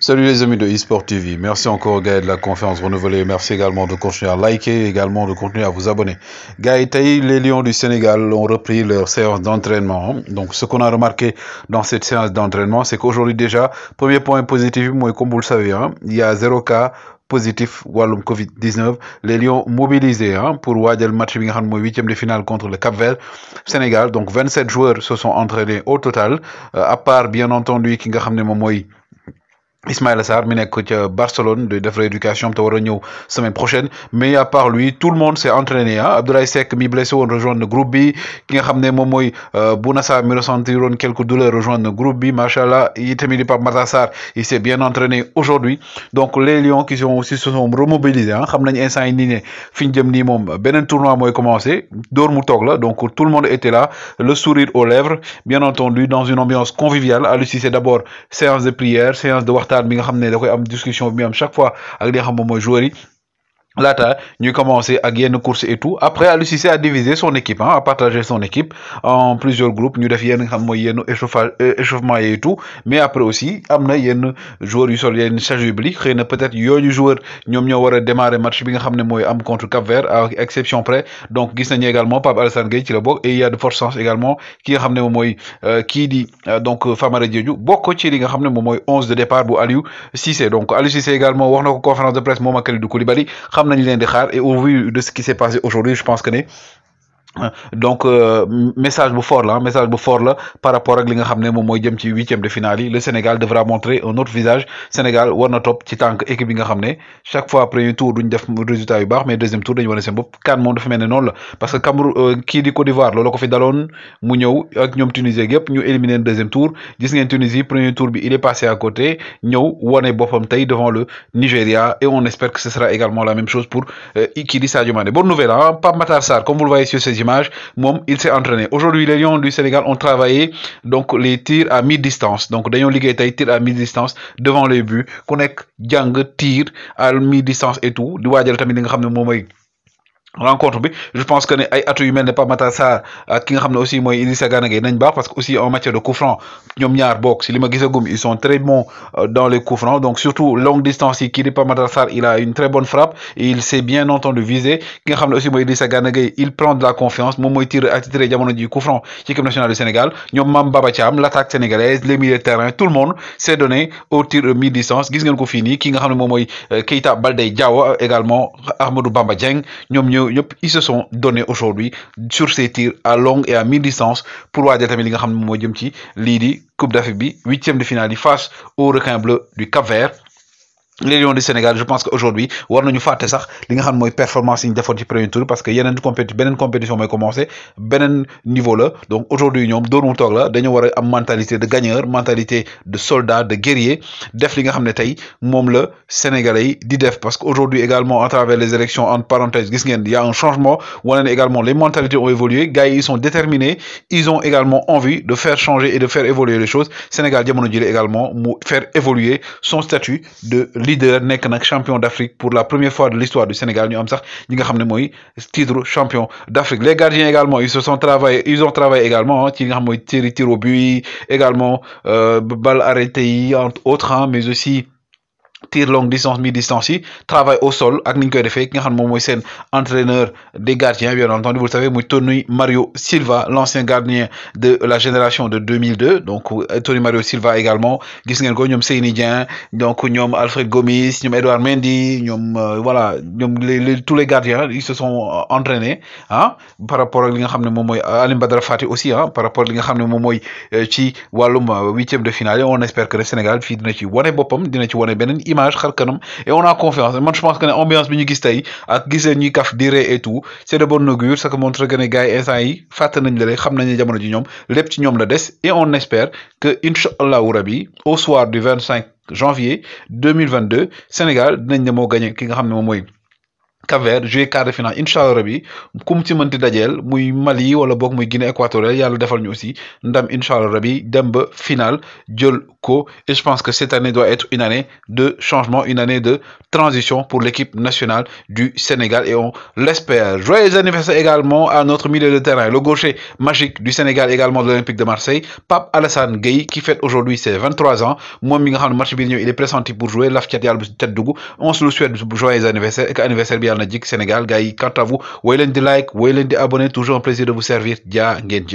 Salut les amis de eSport TV, merci encore Gaël de la conférence renouvelée, merci également de continuer à liker, également de continuer à vous abonner. Gaël les Lions du Sénégal ont repris leur séance d'entraînement. Donc ce qu'on a remarqué dans cette séance d'entraînement, c'est qu'aujourd'hui déjà, premier point positif, moi comme vous le savez, hein, il y a 0 cas positif Wallum Covid 19 les Lions mobilisés hein, pour Wadel match bi huitième de finale contre le Cap-Vert Sénégal donc 27 joueurs se sont entraînés au total euh, à part bien entendu qui de Ismaël Sarr mi nekk ca Barcelone de def rééducation te semaine prochaine mais à part lui tout le monde s'est entraîné hein. Abdoulaye Seck mi blessé rejoint rejoindre groupe bi ki nga xam ne euh, Bouna mi ressentir quelques douleurs rejoindre groupe bi Machallah, allah itamit par Pape Matar Sarr il s'est bien entraîné aujourd'hui donc les Lions qui sont aussi se sont remobilisés ah xam nañ instant yi nii un tournoi a commencé door mu donc tout le monde était là le sourire aux lèvres bien entendu dans une ambiance conviviale à c'est d'abord séance de prière séance de waxtaan bi nga xam ne da koy am discussion bi am chaque fois ak li nga xam moom mooy joueurs yi nous commençons commencé ak yenn course et tout après Aliou a divisé son équipe ah a partagé son équipe en plusieurs groupes Nous def yenn nga xam euh, échauffement et tout mais après aussi am na yenn joueurs yu sol yenn chasuble xëy na peut-être yooyu joueur ñoom ñoo war a démarrer match bi nga xam ne am contre Cap-Vert à exception près donc gis a également Pape Alassane Gueye ci le et il y a de fortes également qui nga xam Moy Qui dit, donc euh, Famara Diédhiou bokk ci li nga xam Moy 11 de départ bu Aliou donc Aliou également wax na conférence de presse moom ak Koulibaly et au vu de ce qui s'est passé aujourd'hui je pense que donc euh, message bu fort là message bu fort là par rapport à li nga xamné mom moy jëm ci huitième de finale le Sénégal devra montrer un autre visage Sénégal war na ci tank équipe bi nga chaque fois premier tour duñ def résultat yu bax mais deuxième tour dañu wone un bop kan moom dafa melni non parce que Cameroun qui euh, di Côte d'Ivoire le ko fi dalone mu ñew ak ñom Tunisie éliminé ñu éliminer deuxième tour gis ngeen Tunisie premier tour bi il est passé à côté ñew woné boppam tay devant le Nigeria et on espère que ce sera également la même chose pour euh, Iki di Sadio Mané bonne nouvelle pas hein, Pape Matar Sar comme vous le voyez sur ces images il s'est entraîné aujourd'hui les lions du Sénégal ont travaillé donc les tirs à mi-distance donc ont travaillé sénégal tir à mi-distance devant les buts Connect Yang tir à mi-distance et tout rencontre bi je pense que ne ay atu yu mel ne Pape ak ki nga xam aussi moy Idrissa Gana Gueye nañ parce que aussi en matière de coup franc ñaar bok si lima gissagum ils sont très bons euh, dans les coups francs donc surtout longue distance yi kii di Pape Matar il a une très bonne frappe et il sait bien entendu viser ki nga xam aussi moy Idrissa Gana il prend de la confiance mom moy tire, attitré jamono ji coup franc ci équipe nationale du Sénégal ñom mam Baba Thiam l'attaque sénégalaise les milieux de terrain tout le monde s'est donné au tir mi distance gis ngeen ko fini ki nga xam mom moy euh, Keita Baldé Diaw également Ahmadou Bamba Dieng ñoom ils se sont donnés aujourd'hui sur ces tirs à longue et à mi-distance pour la nga coupe d'Afrique 8 huitième de finale face au requin bleu du Cap-Vert les Lions du Sénégal je pense qu'aujourd'hui on war nous des sax li nga xam performance yi ñu a ci premier tour parce que y compéti une compétition a commencé niveau là. donc aujourd'hui on doonul deux la dañu a am mentalité de gagneur mentalité de soldat de guerrier def li nga xam ne le la Sénégalais yi def parce qu'aujourd'hui également à travers les élections en parenthèses il y a un changement également les mentalités ont évolué gars ils sont déterminés ils ont également envie de faire changer et de faire évoluer les choses le Sénégal jamono disais également faire évoluer son statut de leader nek nak champion d'Afrique pour la première fois de l'histoire du Sénégal ñu am sax ñi nga titre champion d'Afrique. les gardiens également ils se sont travaillé ils ont travaillé également hein, ci nga xam au but également euh, balle arrêtée entre autres hein, mais aussi tir longue distance mi distance travail au sol ak ni koy entraîneur des gardiens bien entendu vous le savez Tony Mario Silva l'ancien gardien de la génération de 2002 donc euh, Tony Mario Silva également gis ngeen ko Seyni donc Alfred Gomis Edouard Mendy euh, voilà tous les gardiens ils se sont euh, entraînés hein, par rapport à li nga Alim Badara Fati aussi hein, par rapport à li nga qui, ne moom huitième de finale on espère que le Sénégal dina ci dina image xar et on a confiance man je pense que ne ambiance bi ñu gis tey ak gisee ñuy kaf di ree et tout c' est de bon augure ça montre que ne gars yi instant yi fàtte nañ la rek xam nañ ne jamono ji ñoom lépp ci ñoom la des et on espère que incha allahu rabi au soir du 25 janvier 2022 Sénégal dinañ ne moo gagné ki nga xam ne moom mooy. Kaver joué quart de finale rabi muy Mali wala bok muy Guinée équatoriale yalla defal ñu aussi ndam inchallah dem ba et je pense que cette année doit être une année de changement une année de transition pour l'équipe nationale du Sénégal et on l'espère. Joyeux anniversaire également à notre milieu de terrain le gaucher magique du Sénégal également de l'Olympique de Marseille Pape Alassane Gueye qui fête aujourd'hui ses 23 ans Moi, mi nga xam match bi il est pressenti pour jouer tête on se le souhaite joyeux anniversaire et anniversaire bien Sénégal Gaï, quant à vous woy lend di like woy lend di abonné toujours un plaisir de vous servir Dia ngeen